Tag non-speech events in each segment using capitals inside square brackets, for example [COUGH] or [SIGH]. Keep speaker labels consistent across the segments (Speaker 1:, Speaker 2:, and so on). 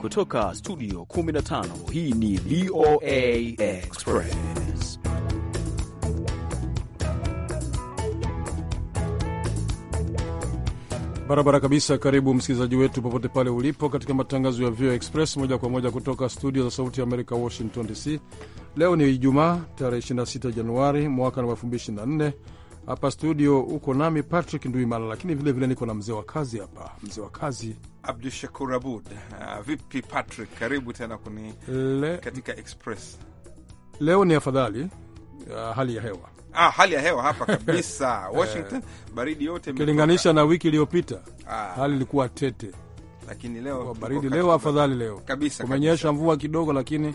Speaker 1: Kutoka studio 15 hii ni VOA Express.
Speaker 2: Barabara kabisa. Karibu msikilizaji wetu popote pale ulipo katika matangazo ya VOA Express moja kwa moja kutoka studio za Sauti ya Amerika, Washington DC. Leo ni Ijumaa tarehe 26 Januari mwaka wa 2024 hapa studio uko nami Patrick Nduimana, lakini vilevile vile niko na mzee wa kazi hapa, mzee wa kazi
Speaker 1: Abdu Shakur Abud. Uh, vipi Patrick, karibu tena kuni Le... katika Express.
Speaker 2: Leo ni afadhali
Speaker 1: uh, hali ya hewa Ah, hali ya hewa hapa [LAUGHS] kabisa eh, Washington baridi yote ukilinganisha
Speaker 2: na wiki iliyopita ah, hali ilikuwa tete,
Speaker 1: lakini leo kwa baridi, leo afadhali, leo kumenyesha
Speaker 2: mvua kidogo, lakini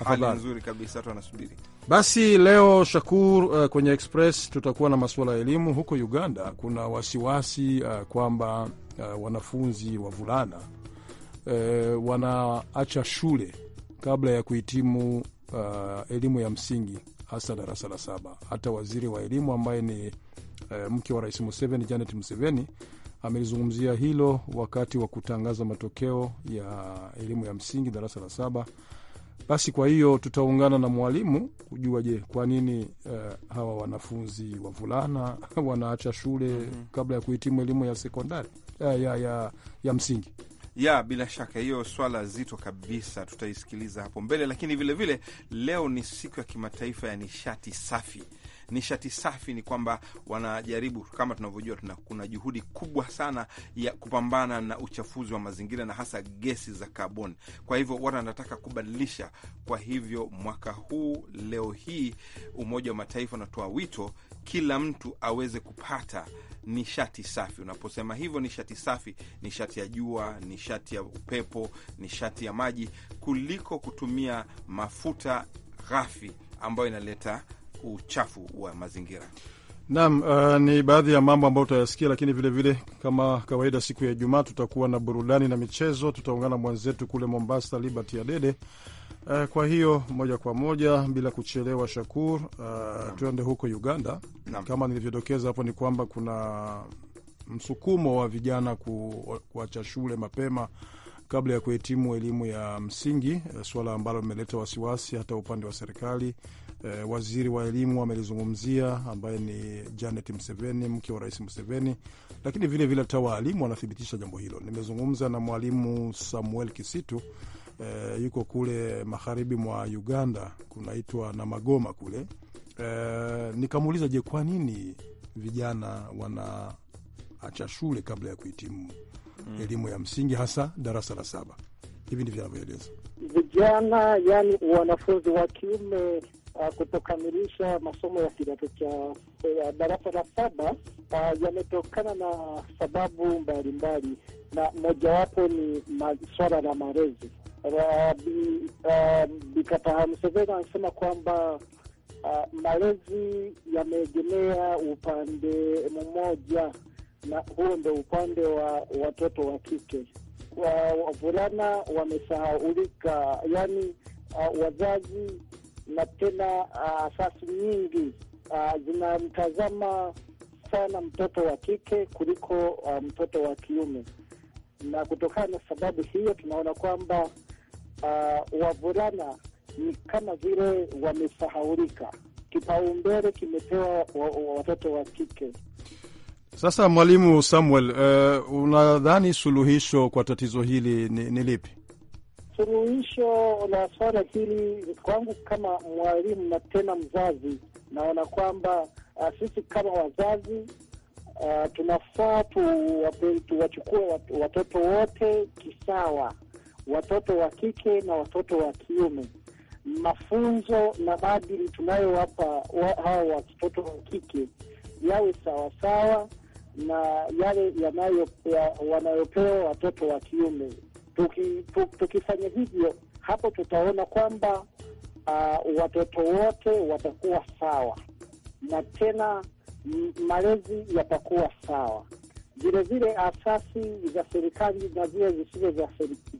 Speaker 2: afadhali
Speaker 1: nzuri kabisa, watu wanasubiri
Speaker 2: basi leo Shakur, uh, kwenye Express tutakuwa na masuala ya elimu. Huko Uganda kuna wasiwasi uh, kwamba uh, wanafunzi wavulana uh, wanaacha shule kabla ya kuhitimu uh, elimu ya msingi hasa darasa la saba. Hata waziri wa elimu ambaye ni uh, mke wa Rais Museveni, Janet Museveni, amelizungumzia hilo wakati wa kutangaza matokeo ya elimu ya msingi darasa la saba basi kwa hiyo tutaungana na mwalimu kujua, je, kwa nini uh, hawa wanafunzi wavulana [LAUGHS] wanaacha shule mm -hmm. kabla ya kuhitimu elimu ya sekondari ya, ya, ya, ya msingi
Speaker 1: ya bila shaka hiyo swala zito kabisa, tutaisikiliza hapo mbele. Lakini vilevile vile, leo ni siku ya kimataifa ya nishati safi nishati safi ni kwamba wanajaribu, kama tunavyojua, kuna juhudi kubwa sana ya kupambana na uchafuzi wa mazingira na hasa gesi za kabon Kwa hivyo watu wanataka kubadilisha. Kwa hivyo mwaka huu leo hii Umoja wa Mataifa unatoa wito kila mtu aweze kupata nishati safi. Unaposema hivyo, nishati safi, nishati ya jua, nishati ya upepo, nishati ya maji, kuliko kutumia mafuta ghafi ambayo inaleta uchafu wa mazingira.
Speaker 2: Naam, uh, ni baadhi ya mambo ambayo tutayasikia, lakini vilevile vile, kama kawaida siku ya Ijumaa tutakuwa na burudani na michezo. Tutaungana mwenzetu kule Mombasa, Liberty Adede. Uh, kwa hiyo moja kwa moja bila kuchelewa, Shakur, uh, tuende huko Uganda. Naam. Kama nilivyodokeza hapo ni kwamba kuna msukumo wa vijana kuacha shule mapema kabla ya kuhitimu elimu ya msingi, uh, suala ambalo limeleta wasiwasi hata upande wa serikali eh, waziri wa elimu amelizungumzia ambaye ni Janet Mseveni, mke wa rais Mseveni, lakini vilevile hata vile waalimu wanathibitisha jambo hilo. Nimezungumza na mwalimu Samuel Kisitu eh, yuko kule magharibi mwa Uganda, kunaitwa na Magoma kule eh, nikamuuliza, je, kwa nini vijana wanaacha shule kabla ya kuhitimu mm. elimu ya msingi hasa darasa la saba? Hivi ndivyo anavyoeleza
Speaker 3: vijana, yani wanafunzi wa kiume uh, kutokamilisha masomo ya kidato cha eh, darasa la saba uh, yametokana na sababu mbalimbali, na mojawapo ni swala la malezi. Bikataha um, Museveni anasema kwamba uh, malezi yameegemea upande mmoja, na huo ndo upande wa watoto wa kike. Uh, wavulana wamesahaulika, yani uh, wazazi na tena ah, asasi uh, nyingi uh, zinamtazama sana mtoto wa kike kuliko uh, mtoto wa kiume, na kutokana na sababu hiyo tunaona kwamba uh, wavulana ni kama vile wamesahaulika, kipaumbele kimepewa watoto wa kike.
Speaker 2: Sasa Mwalimu Samuel, uh, unadhani suluhisho kwa tatizo hili ni, ni lipi?
Speaker 3: Suluhisho la swala hili kwangu, kama mwalimu na tena mzazi, naona kwamba uh, sisi kama wazazi uh, tunafaa tuwachukue watoto wote kisawa, watoto wa kike na watoto wa kiume. Mafunzo na maadili tunayowapa hawa watoto wa kike yawe sawasawa na yale wanayopewa watoto wa kiume. Tukifanya tuki hivyo, hapo tutaona kwamba uh, watoto wote watakuwa sawa na tena malezi yatakuwa sawa. Vilevile asasi za serikali na zile zisizo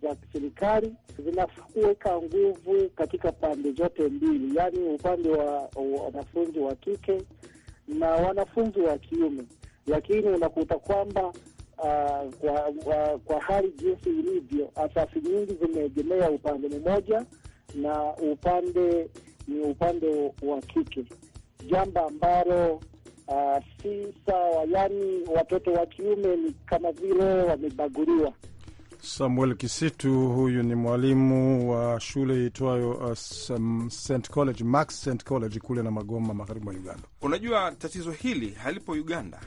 Speaker 3: za serikali zinakuweka nguvu katika pande zote mbili, yaani upande wa wanafunzi wa kike na wanafunzi wa kiume, lakini unakuta kwamba Uh, kwa, kwa, kwa hali jinsi ilivyo, asasi nyingi zimeegemea upande mmoja na upande ni upande wa kike, jambo ambalo uh, si sawa. yani watoto wa kiume ni kama vile wamebaguliwa.
Speaker 2: Samuel Kisitu huyu ni mwalimu wa shule itwayo uh, St College Max St College kule na Magoma, magharibi mwa Uganda.
Speaker 1: Unajua tatizo hili halipo Uganda,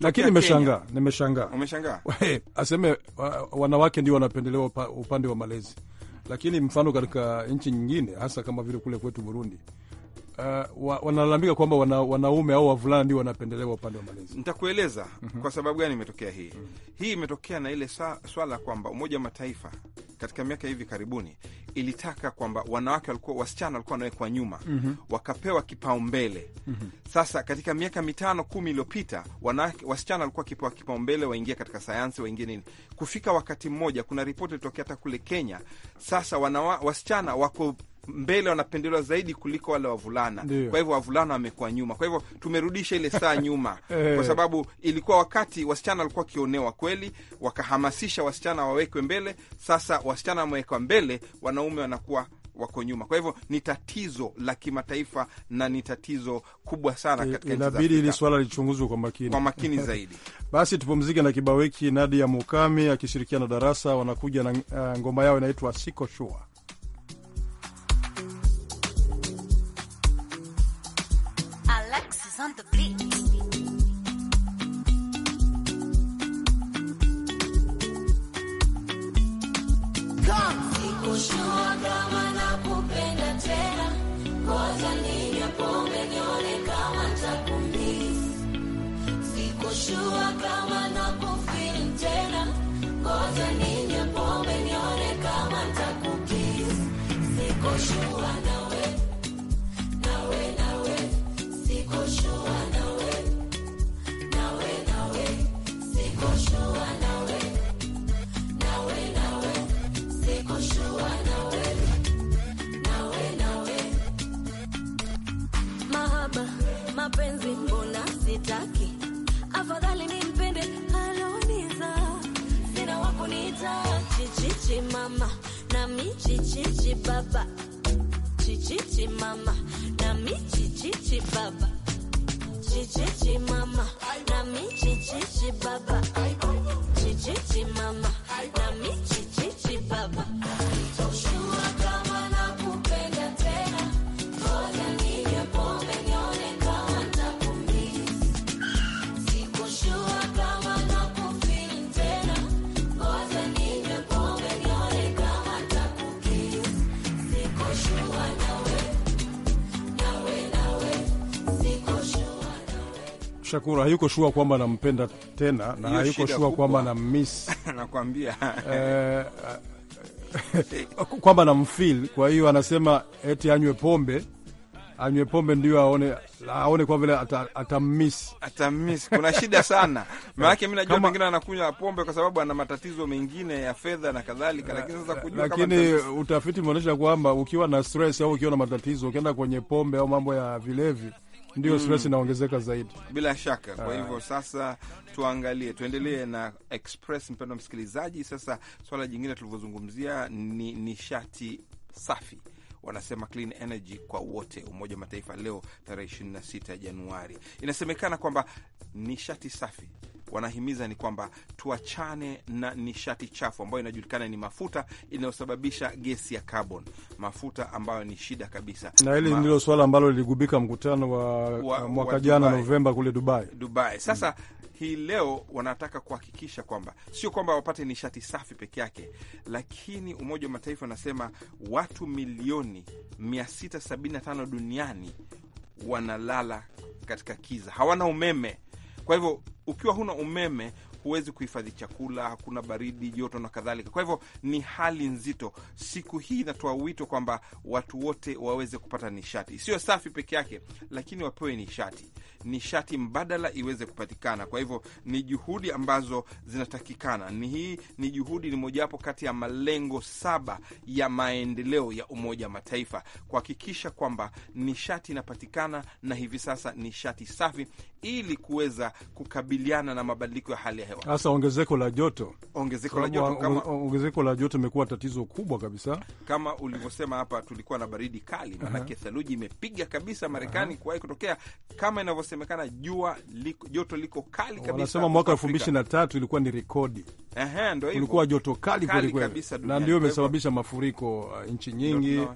Speaker 1: lakini nimeshangaa, nimeshangaa, umeshangaa
Speaker 2: [LAUGHS] aseme wanawake ndio wanapendelewa upande wa malezi, lakini mfano katika nchi nyingine, hasa kama vile kule kwetu Burundi uh, wa, wanalalamika kwamba wana, wanaume au wavulana ndio wanapendelewa upande wa malezi. Nitakueleza
Speaker 1: mm -hmm. kwa sababu gani imetokea hii mm -hmm. hii imetokea na ile swala kwamba Umoja wa Mataifa katika miaka hivi karibuni ilitaka kwamba wanawake walikuwa, wasichana walikuwa wanawekwa nyuma mm -hmm. wakapewa kipaumbele mm -hmm. Sasa katika miaka mitano kumi iliyopita wasichana walikuwa wakipewa kipaumbele, waingia katika sayansi, waingie nini. Kufika wakati mmoja, kuna ripoti ilitokea hata kule Kenya, sasa wanawa, wasichana wako mbele wanapendelewa zaidi kuliko wale wavulana. Kwa hivyo wavulana wamekuwa nyuma, kwa hivyo tumerudisha ile saa [LAUGHS] nyuma eh. kwa sababu ilikuwa wakati wasichana walikuwa wakionewa kweli, wakahamasisha wasichana wawekwe mbele. Sasa wasichana wamewekwa mbele, wanaume wanakuwa wako nyuma. Kwa hivyo ni tatizo la kimataifa na ni tatizo kubwa sana eh, katika inabidi hili swala
Speaker 2: lichunguzwe kwa makini, kwa makini [LAUGHS] zaidi. Basi tupumzike na kibao hiki. Nadia Mukami akishirikiana na Darasa wanakuja na uh, ngoma yao inaitwa Siko Shua.
Speaker 4: possibly chichi mama nami chichichi baba chichichi mama nami chichichi baba chichichi mama nami chichichi baba chichichi mama nami chichichi baba
Speaker 2: Shakur hayuko shua kwamba nampenda tena na hayuko shua kwamba na miss [LAUGHS]
Speaker 1: nakwambia eh,
Speaker 2: [LAUGHS] kwamba na namfeel. Kwa hiyo anasema eti anywe pombe anywe pombe ndio aone aone kwa vile atamiss atamiss. Kuna shida sana [LAUGHS] maanake, mi
Speaker 1: najua pengine anakunywa pombe kwa sababu ana matatizo mengine ya fedha na kadhalika, lakini sasa kujua, lakini
Speaker 2: utafiti umeonyesha kwamba ukiwa na stress au ukiwa na matatizo ukienda kwenye pombe au mambo ya vilevi ndio stress inaongezeka zaidi,
Speaker 1: bila shaka. Kwa ah. hivyo sasa tuangalie, tuendelee na Express, mpendwa msikilizaji. Sasa swala jingine tulivyozungumzia ni nishati safi wanasema clean energy kwa wote. Umoja wa Mataifa leo tarehe 26 Januari inasemekana kwamba nishati safi wanahimiza ni kwamba tuachane na nishati chafu ambayo inajulikana ni mafuta inayosababisha gesi ya carbon, mafuta ambayo ni shida kabisa. Na hili Ma... ndilo
Speaker 2: suala ambalo liligubika mkutano wa, wa mwaka jana Novemba kule Dubai.
Speaker 1: Dubai sasa hmm hii leo wanataka kuhakikisha kwamba sio kwamba wapate nishati safi peke yake, lakini Umoja wa Mataifa unasema watu milioni 675 duniani wanalala katika kiza, hawana umeme. Kwa hivyo ukiwa huna umeme huwezi kuhifadhi chakula, hakuna baridi, joto na kadhalika. Kwa hivyo ni hali nzito. Siku hii inatoa wito kwamba watu wote waweze kupata nishati, sio safi peke yake, lakini wapewe nishati, nishati mbadala iweze kupatikana. Kwa hivyo ni juhudi ambazo zinatakikana. Ni hii ni juhudi, ni mojawapo kati ya malengo saba ya maendeleo ya Umoja wa Mataifa, kuhakikisha kwamba nishati inapatikana na hivi sasa nishati safi, ili kuweza kukabiliana na mabadiliko ya hali ya hewa
Speaker 2: hewa. ongezeko la joto, ongezeko la joto, kama ongezeko la joto imekuwa tatizo kubwa kabisa.
Speaker 1: Kama ulivyosema hapa, tulikuwa na baridi kali, maanake theluji imepiga kabisa Marekani kuwahi kutokea, kama inavyosemekana, jua liko, joto liko kali kabisa. Wanasema mwaka elfu mbili ishirini
Speaker 2: na tatu ilikuwa ni rekodi, ndio ilikuwa joto kali kweli kweli, na ndio imesababisha mafuriko uh, nchi nyingi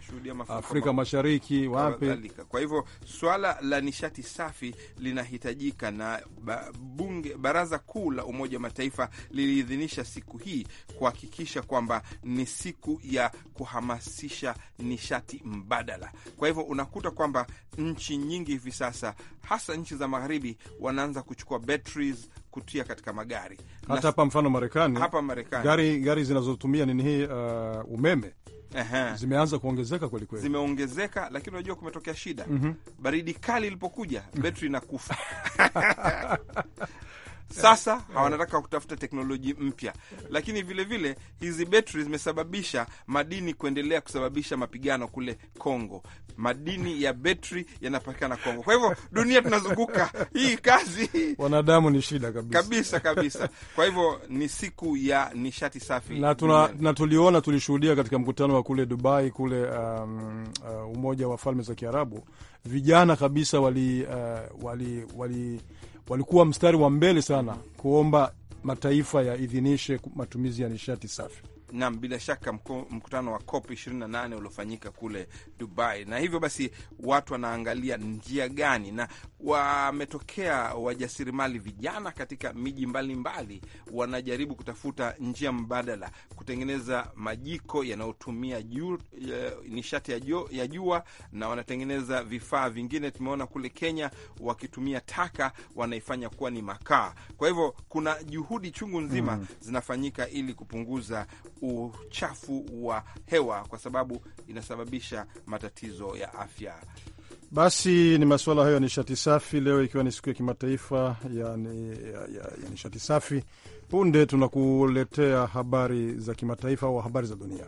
Speaker 2: Afrika Mashariki, wapi.
Speaker 1: Kwa hivyo swala la nishati safi linahitajika na ba, bunge baraza kuu la Umoja Umoja wa Mataifa liliidhinisha siku hii kuhakikisha kwamba ni siku ya kuhamasisha nishati mbadala. Kwa hivyo unakuta kwamba nchi nyingi hivi sasa, hasa nchi za magharibi, wanaanza kuchukua batteries kutia katika magari.
Speaker 2: Hata hapa mfano Marekani, hapa Marekani gari, gari zinazotumia nini hii uh, umeme Zimeanza kuongezeka kweli kweli,
Speaker 1: zimeongezeka, lakini unajua kumetokea shida. mm -hmm. Baridi kali ilipokuja, betri inakufa [LAUGHS] Sasa hawanataka kutafuta teknoloji mpya, lakini vilevile vile, hizi betri zimesababisha madini kuendelea kusababisha mapigano kule Kongo. Madini ya betri yanapatikana Kongo. Kwa hivyo dunia tunazunguka hii
Speaker 2: kazi, [LAUGHS] wanadamu ni shida kabisa kabisa
Speaker 1: kabisa. Kwa hivyo ni siku ya nishati safi na, tuna,
Speaker 2: na tuliona tulishuhudia katika mkutano wa kule Dubai kule um, uh, Umoja wa Falme za Kiarabu vijana kabisa wali, uh, wali, wali walikuwa mstari wa mbele sana kuomba mataifa yaidhinishe matumizi ya nishati safi.
Speaker 1: Nam, bila shaka mkutano wa COP 28 uliofanyika kule Dubai, na hivyo basi watu wanaangalia njia gani, na wametokea wajasiriamali vijana katika miji mbalimbali, wanajaribu kutafuta njia mbadala, kutengeneza majiko yanayotumia nishati ya, ya jua na wanatengeneza vifaa vingine. Tumeona kule Kenya wakitumia taka wanaifanya kuwa ni makaa. Kwa hivyo kuna juhudi chungu nzima mm, zinafanyika ili kupunguza uchafu wa hewa, kwa sababu inasababisha matatizo ya afya.
Speaker 2: Basi ni masuala hayo ya nishati safi, leo ikiwa ni siku ya kimataifa ya, ya, ya nishati safi. Punde tunakuletea habari za kimataifa au habari za dunia.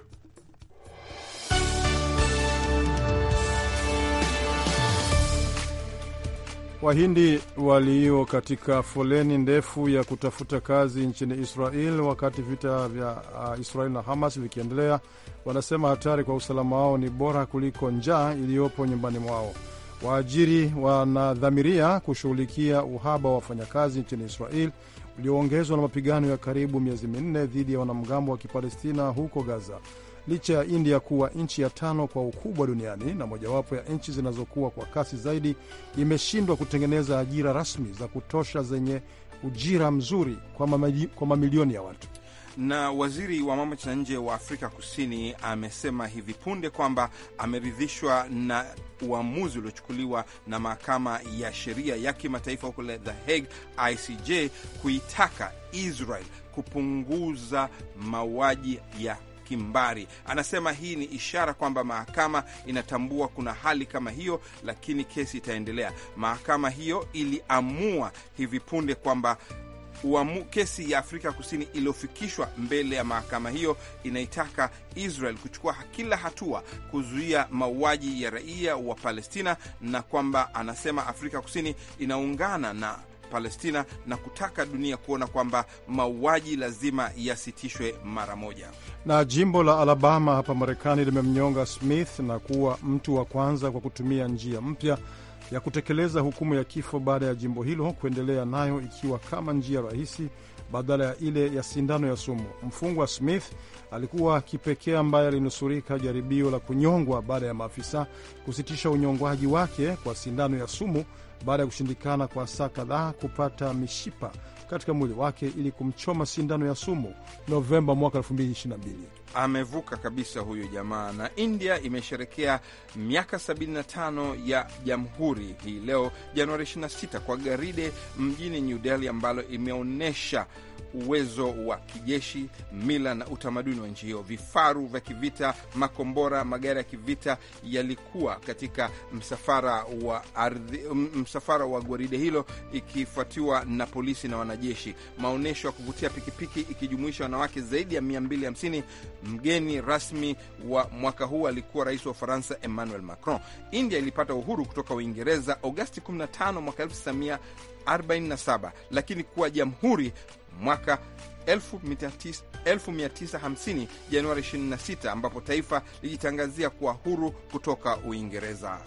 Speaker 2: Wahindi walio katika foleni ndefu ya kutafuta kazi nchini Israel wakati vita vya uh, Israel na Hamas vikiendelea wanasema hatari kwa usalama wao ni bora kuliko njaa iliyopo nyumbani mwao. Waajiri wanadhamiria kushughulikia uhaba wa wafanyakazi nchini Israel ulioongezwa na mapigano ya karibu miezi minne dhidi ya wanamgambo wa Kipalestina huko Gaza licha ya India kuwa nchi ya tano kwa ukubwa duniani na mojawapo ya nchi zinazokuwa kwa kasi zaidi, imeshindwa kutengeneza ajira rasmi za kutosha zenye ujira mzuri kwa, mamili, kwa mamilioni ya watu.
Speaker 1: Na waziri wa mambo ya nje wa Afrika Kusini amesema hivi punde kwamba ameridhishwa na uamuzi uliochukuliwa na mahakama ya sheria ya kimataifa huko The Hague, ICJ, kuitaka Israel kupunguza mauaji ya kimbari. Anasema hii ni ishara kwamba mahakama inatambua kuna hali kama hiyo, lakini kesi itaendelea. Mahakama hiyo iliamua hivi punde kwamba uamu kesi ya Afrika Kusini iliyofikishwa mbele ya mahakama hiyo inaitaka Israel kuchukua kila hatua kuzuia mauaji ya raia wa Palestina, na kwamba anasema Afrika Kusini inaungana na Palestina na kutaka dunia kuona kwamba mauaji lazima yasitishwe mara moja.
Speaker 2: Na jimbo la Alabama hapa Marekani limemnyonga Smith na kuwa mtu wa kwanza kwa kutumia njia mpya ya kutekeleza hukumu ya kifo baada ya jimbo hilo kuendelea nayo ikiwa kama njia rahisi badala ya ile ya sindano ya sumu. Mfungwa Smith alikuwa kipekee ambaye alinusurika jaribio la kunyongwa baada ya maafisa kusitisha unyongwaji wake kwa sindano ya sumu baada ya kushindikana kwa saa kadhaa kupata mishipa katika mwili wake ili kumchoma sindano ya sumu Novemba mwaka 2022.
Speaker 1: Amevuka kabisa huyu jamaa. Na India imesherekea miaka 75 ya jamhuri hii leo Januari 26 kwa garide mjini New Delhi, ambalo imeonyesha uwezo wa kijeshi, mila na utamaduni wa nchi hiyo. Vifaru vya kivita, makombora, magari ya kivita yalikuwa katika msafara wa ardhi, msafara wa gwaride hilo, ikifuatiwa na polisi na wanajeshi. Maonyesho ya kuvutia pikipiki ikijumuisha wanawake zaidi ya 250. Mgeni rasmi wa mwaka huu alikuwa rais wa Ufaransa Emmanuel Macron. India ilipata uhuru kutoka Uingereza Agosti 15 mwaka 1947 lakini kuwa jamhuri mwaka 1950 Januari 26 ambapo taifa lilijitangazia kuwa huru kutoka Uingereza.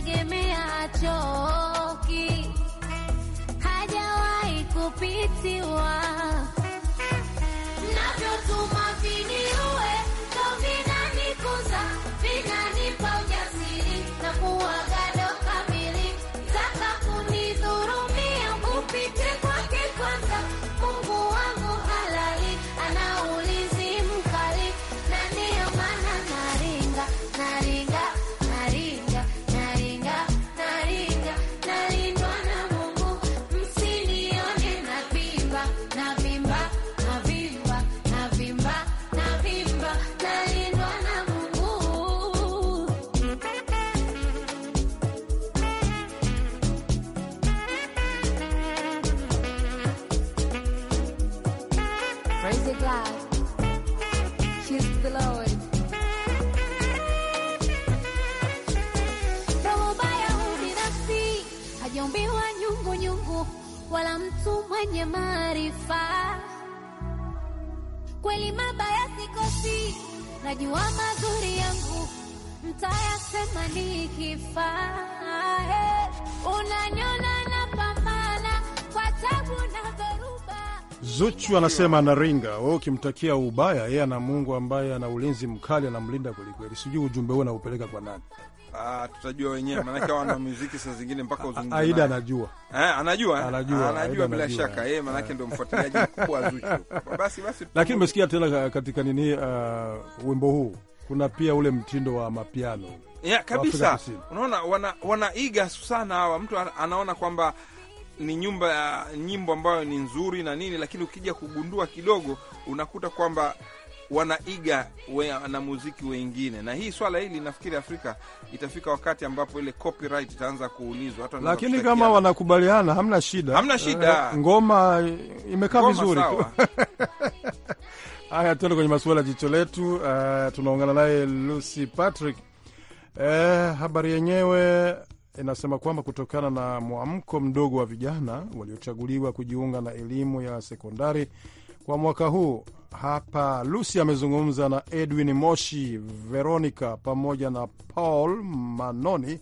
Speaker 4: kujitegemea choki hajawahi kupitiwa mnavyotuma hajaombiwa nyungu nyungu wala mtu mwenye maarifa. Kweli mabaya sikosi, najua mazuri yangu mtayasema nikifaa. Hey, unanyona
Speaker 2: Zuchu anasema anaringa wewe, ukimtakia ubaya yeye ana Mungu ambaye ana ulinzi mkali, anamlinda kwelikweli. Sijui ujumbe huo anaupeleka kwa nani?
Speaker 1: Ah, tutajua wenyewe, maanake wana muziki saa zingine mpaka uzungumze. Aida anajua eh, anajua eh? anajua, ah, anajua bila shaka yeye, maanake ndio mfuatiliaji [LAUGHS] mkubwa Zuchu. Basi basi, lakini
Speaker 2: umesikia tena katika nini, uh, wimbo huu kuna pia ule mtindo wa mapiano Yeah, kabisa,
Speaker 1: unaona wanaiga wana sana hawa, mtu anaona kwamba ni nyumba ya nyimbo ambayo ni nzuri na nini, lakini ukija kugundua kidogo unakuta kwamba wanaiga wanamuziki wengine, na hii swala hili nafikiri Afrika itafika wakati ambapo ile copyright itaanza kuulizwa hata, lakini kama
Speaker 2: wanakubaliana hamna shida, hamna shida, eh, ngoma imekaa vizuri. [LAUGHS] Haya, tuende kwenye masuala ya jicho letu. Uh, eh, tunaongana naye Lucy Patrick. Uh, habari yenyewe inasema kwamba kutokana na mwamko mdogo wa vijana waliochaguliwa kujiunga na elimu ya sekondari kwa mwaka huu. Hapa Lucy amezungumza na Edwin Moshi, Veronica pamoja na Paul Manoni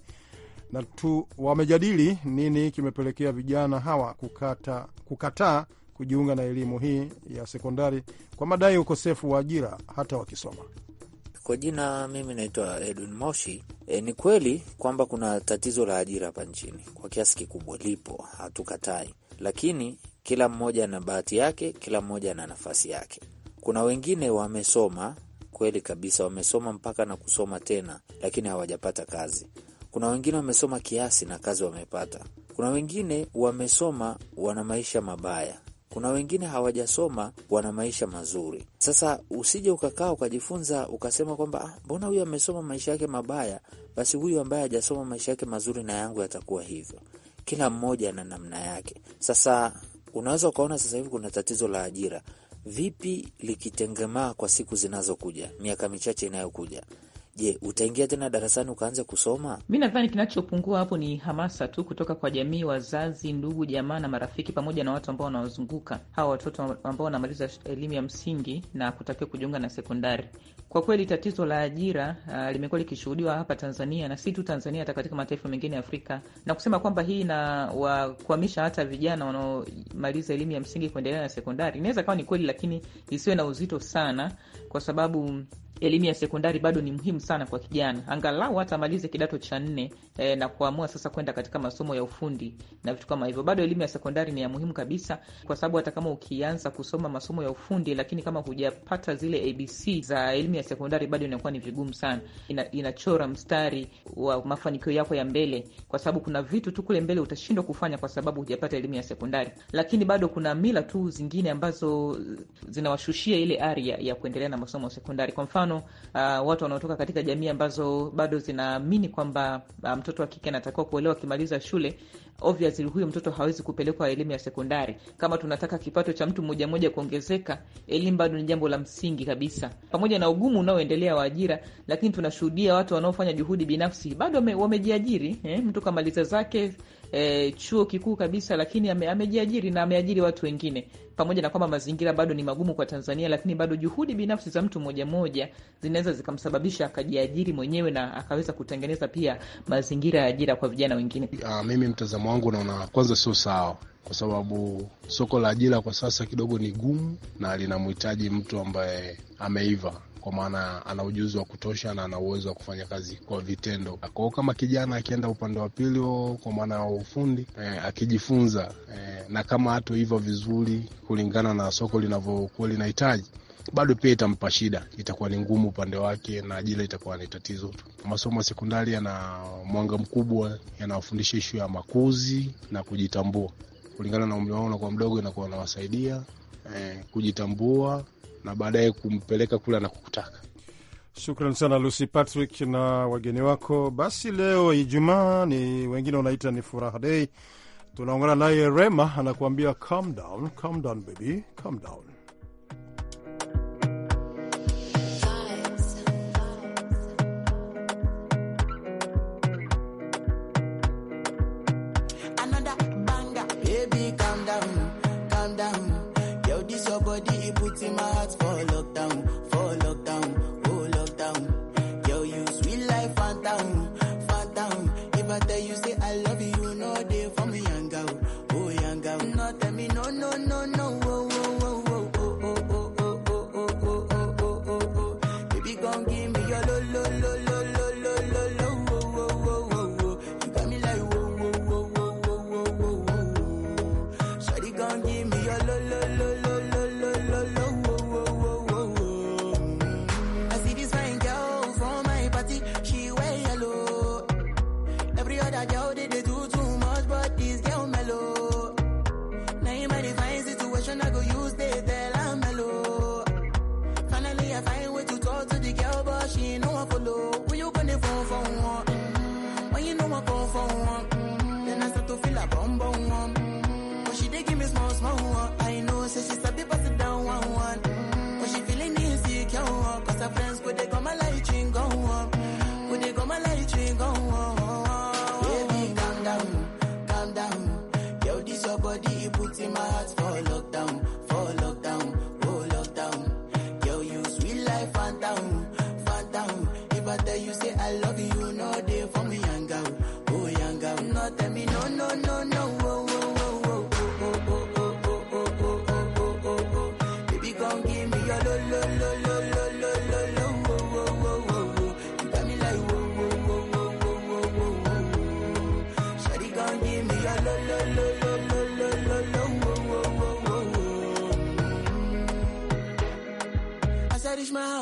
Speaker 2: na tu wamejadili nini kimepelekea vijana hawa kukata, kukataa kujiunga na elimu hii ya sekondari kwa madai ya ukosefu wa ajira hata wakisoma.
Speaker 5: Kwa jina mimi naitwa Edwin Moshi. E, ni kweli kwamba kuna tatizo la ajira hapa nchini kwa kiasi kikubwa, lipo, hatukatai, lakini kila mmoja na bahati yake, kila mmoja na nafasi yake. Kuna wengine wamesoma kweli kabisa, wamesoma mpaka na kusoma tena, lakini hawajapata kazi. Kuna wengine wamesoma kiasi na kazi wamepata. Kuna wengine wamesoma wana maisha mabaya kuna wengine hawajasoma, wana maisha mazuri. Sasa usije ukakaa ukajifunza ukasema kwamba ah, mbona huyu amesoma maisha yake mabaya, basi huyu ambaye hajasoma maisha yake mazuri na yangu yatakuwa hivyo. Kila mmoja na namna yake. Sasa unaweza ukaona sasa hivi kuna tatizo la ajira, vipi likitengemaa kwa siku zinazokuja, miaka michache inayokuja Je, utaingia tena darasani ukaanza kusoma? Mi nadhani kinachopungua hapo ni hamasa tu kutoka kwa jamii, wazazi, ndugu, jamaa na marafiki, pamoja na watu ambao wanawazunguka hawa watoto ambao wanamaliza elimu ya msingi na kutakiwa kujiunga na sekondari. Kwa kweli tatizo la ajira uh, limekuwa likishuhudiwa hapa Tanzania na si tu Tanzania, hata katika mataifa mengine ya Afrika, na kusema kwamba hii inawakwamisha hata vijana wanaomaliza elimu ya msingi kuendelea na sekondari. Inaweza kawa ni kweli, lakini isiwe na uzito sana, kwa sababu elimu ya sekondari bado ni muhimu sana kwa kijana, angalau hata amalize kidato cha nne e, na kuamua sasa kwenda katika masomo ya ufundi na vitu kama hivyo. Bado elimu ya sekondari ni ya muhimu kabisa, kwa sababu hata kama ukianza kusoma masomo ya ufundi, lakini kama hujapata zile abc za elimu ya sekondari, bado inakuwa ni vigumu sana. Ina, inachora mstari wa mafanikio yako ya mbele, kwa sababu kuna vitu tu kule mbele utashindwa kufanya kwa sababu hujapata elimu ya sekondari. Lakini bado kuna mila tu zingine ambazo eh, zinawashushia ile ari ya kuendelea na masomo ya sekondari, kwa mfano mfano uh, watu wanaotoka katika jamii ambazo bado zinaamini kwamba uh, mtoto wa kike anatakiwa kuolewa akimaliza shule Obviously, huyu mtoto hawezi kupelekwa elimu ya sekondari. Kama tunataka kipato cha mtu mmoja mmoja kuongezeka, elimu bado ni jambo la msingi kabisa, pamoja na ugumu unaoendelea wa ajira. Lakini tunashuhudia watu wanaofanya juhudi binafsi bado wamejiajiri. Eh, mtu kamaliza zake e, chuo kikuu kabisa, lakini ame, amejiajiri na ameajiri watu wengine, pamoja na kwamba mazingira bado ni magumu kwa Tanzania, lakini bado juhudi binafsi za mtu moja moja zinaweza zikamsababisha akajiajiri mwenyewe na akaweza kutengeneza pia mazingira ya ajira kwa vijana wengine. Uh,
Speaker 2: mimi mtazamo wangu naona kwanza sio sawa kwa sababu soko la ajira kwa sasa kidogo ni gumu na linamhitaji mtu ambaye ameiva kwa maana ana ujuzi wa kutosha na ana uwezo wa kufanya kazi kwa vitendo. Kwa hiyo kama kijana akienda upande wa pili, oh, kwa maana ya ufundi eh, akijifunza eh, na kama hatu hivyo vizuri kulingana na soko linavyokuwa linahitaji bado pia itampa shida, itakuwa ni ngumu upande wake na ajira itakuwa ni tatizo Masomo ya sekondari yana mwanga mkubwa, yanawafundisha ishu ya makuzi na kujitambua kulingana na umri wao, unakuwa mdogo, inakuwa wanawasaidia eh, kujitambua na baadaye kumpeleka kule anakokutaka. Shukran sana Lucy Patrick na wageni wako. Basi leo Ijumaa ni wengine wanaita ni furaha dei, tunaongana naye Rema anakuambia calm down, calm down baby, calm down.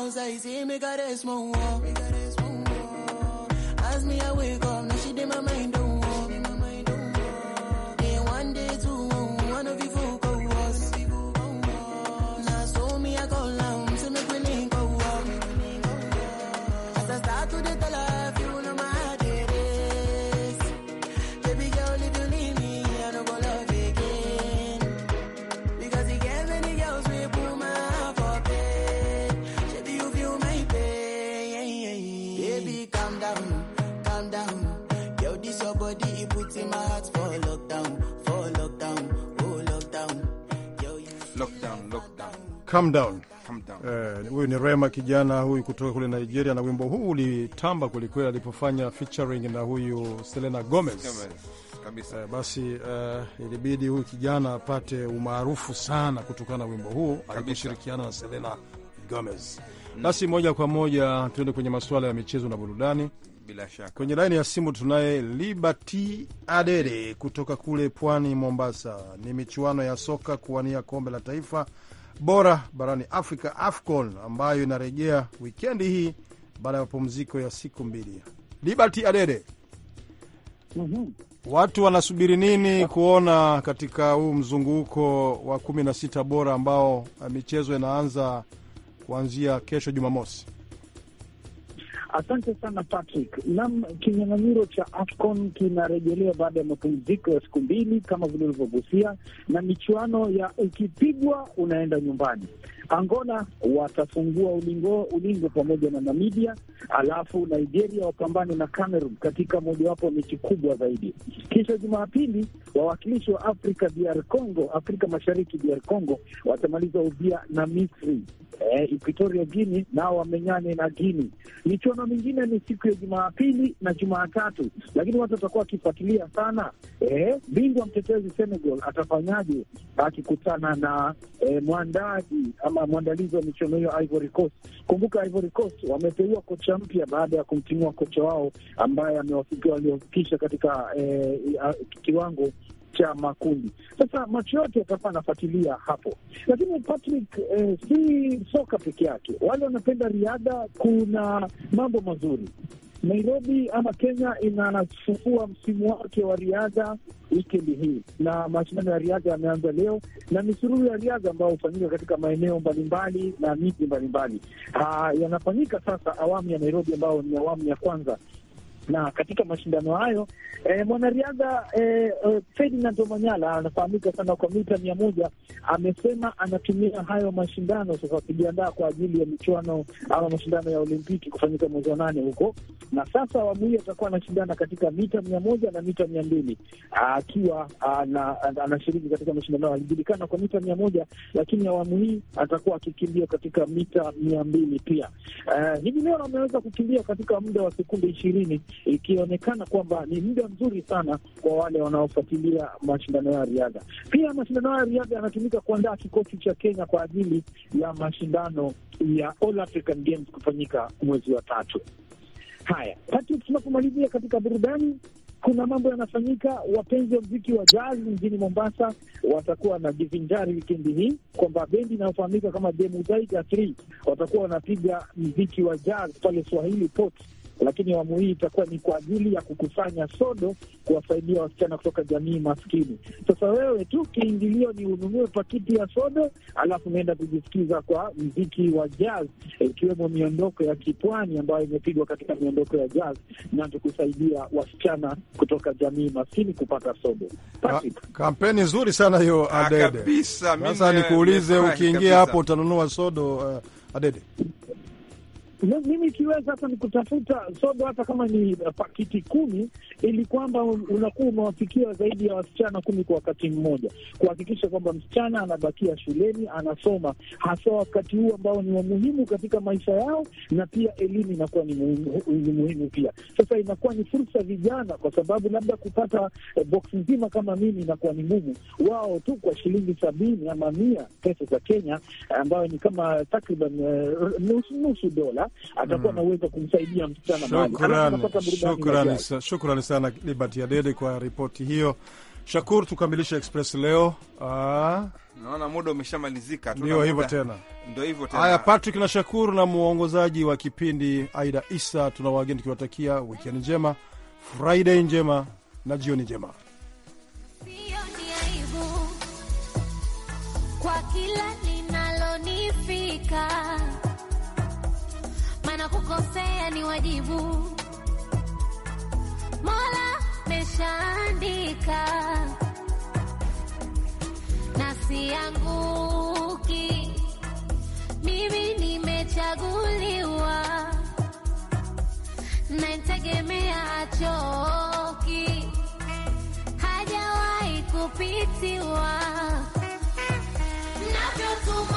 Speaker 6: Vamos me decirme que eres
Speaker 2: Calm down. Calm down. Eh, huyu ni Rema kijana huyu kutoka kule Nigeria, na wimbo huu ulitamba kwelikweli alipofanya featuring na huyu Selena Gomez, Gomez. Eh, basi eh, ilibidi huyu kijana apate umaarufu sana kutokana na wimbo huu aliposhirikiana na Selena Gomez. Mm. Basi moja kwa moja tuende kwenye masuala ya michezo na burudani. Bila shaka kwenye laini ya simu tunaye Liberty Adede kutoka kule pwani Mombasa. Ni michuano ya soka kuwania kombe la taifa bora barani Afrika, AFCON, ambayo inarejea wikendi hii baada ya mapumziko ya siku mbili. Liberty Adede, mm -hmm. watu wanasubiri nini kuona katika huu mzunguko wa kumi na sita bora ambao michezo inaanza kuanzia kesho Jumamosi?
Speaker 3: Asante sana Patrick. Nam, kinyang'anyiro cha AFCON kinarejelea baada ya mapumziko ya siku mbili kama vile ulivyogusia, na michuano ya ukipigwa unaenda nyumbani. Angola watafungua ulingo ulingo pamoja na Namibia, alafu Nigeria wapambane na Cameroon katika mojawapo mechi kubwa zaidi. Kisha Jumapili wawakilishi wa Afrika DR Congo, Afrika Mashariki DR Congo watamaliza ubia na Misri. Eh, Equatoria nao wamenyane na guini Michuano mingine ni siku ya Jumapili na Jumatatu, lakini watu watakuwa wakifuatilia sana eh, bingwa mtetezi Senegal atafanyaje akikutana na eh, mwandaji ama ama mwandalizi wa michuano hiyo Ivory Coast. Kumbuka Ivory Coast wameteua kocha mpya baada ya kumtimua kocha wao ambaye waliofikisha katika eh, kiwango cha makundi. Sasa macho yote yatakuwa anafuatilia hapo, lakini Patrick, eh, si soka peke yake. Wale wanapenda riadha, kuna mambo mazuri Nairobi ama Kenya inafungua msimu wake wa riadha wikendi hii, na mashindano ya riadha yameanza leo na misururu ya riadha ambayo hufanyika katika maeneo mbalimbali na miji mbalimbali ah, yanafanyika sasa awamu ya Nairobi, ambayo ni awamu ya kwanza na katika mashindano hayo e, mwanariadha e, Ferdinand Omanyala anafahamika sana kwa mita mia moja. Amesema anatumia hayo mashindano sasa kujiandaa kwa ajili ya michuano ama mashindano ya Olimpiki kufanyika mwezi wa nane huko, na sasa awamu hii atakuwa anashindana katika mita mia moja na mita mia mbili akiwa ah, anashiriki katika mashindano Alijulikana kwa mita mia moja, lakini awamu hii atakuwa akikimbia katika mita mia mbili pia. Hivi leo ameweza kukimbia katika muda wa sekunde ishirini ikionekana kwamba ni muda mzuri sana kwa wale wanaofuatilia mashindano ya riadha. Pia mashindano ya riadha yanatumika kuandaa kikosi cha Kenya kwa ajili ya mashindano ya All African Games kufanyika mwezi wa tatu. Haya, Patrick, tunapomalizia katika burudani kuna mambo yanafanyika. Wapenzi wa mziki wa jazz mjini Mombasa watakuwa na jivinjari wikendi hii, kwamba bendi inayofahamika kama Demuzaiga 3 watakuwa wanapiga mziki wa jazz pale Swahili Port lakini awamu hii itakuwa ni kwa ajili ya kukusanya sodo kuwasaidia wasichana kutoka jamii maskini. Sasa wewe tu kiingilio ni ununue pakiti ya sodo, alafu unaenda kujisikiza kwa mziki wa jazz, ikiwemo e, miondoko ya kipwani ambayo imepigwa katika miondoko ya jazz na tukusaidia wasichana kutoka jamii maskini kupata sodo.
Speaker 2: Kampeni nzuri sana hiyo, ah, Adede. Sasa nikuulize, ukiingia hapo utanunua sodo, uh, Adede?
Speaker 3: na mimi ikiweza hata nikutafuta sodo hata kama ni eh, pakiti kumi, ili kwamba unakuwa umewafikia zaidi ya wasichana kumi kwa wakati mmoja, kuhakikisha kwamba msichana anabakia shuleni anasoma, hasa wakati huu ambao ni wamuhimu katika maisha yao, na pia elimu inakuwa ni muhimu, ni muhimu pia. Sasa inakuwa ni fursa vijana, kwa sababu labda kupata eh, boksi nzima kama mimi inakuwa ni ngumu, wao tu kwa shilingi sabini ama mia pesa za Kenya, ambayo ni kama takriban eh, nusu nusu dola pesa atakuwa mm, na kumsaidia msichana mali.
Speaker 2: Shukrani sana Liberty Adede kwa ripoti hiyo. Shakur, tukamilishe Express leo. Aa, ah.
Speaker 1: Naona muda umeshamalizika, ndio hivyo tena, ndio hivyo tena. Haya,
Speaker 2: Patrick na Shakur na mwongozaji wa kipindi Aida Isa, tuna wageni tukiwatakia wikendi njema, Friday njema na jioni njema.
Speaker 4: Sio ni wajibu, Mola meshaandika, na sianguki mimi, nimechaguliwa na nitegemea choki, hajawahi kupitiwa navyotuma